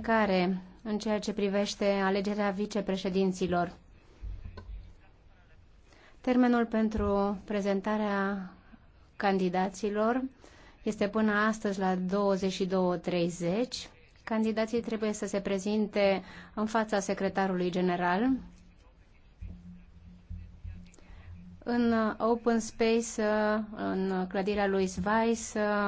care în ceea ce privește alegerea vicepreședinților. Termenul pentru prezentarea candidaților este până astăzi la 22.30. Candidații trebuie să se prezinte în fața secretarului general în open space, în clădirea lui Svice,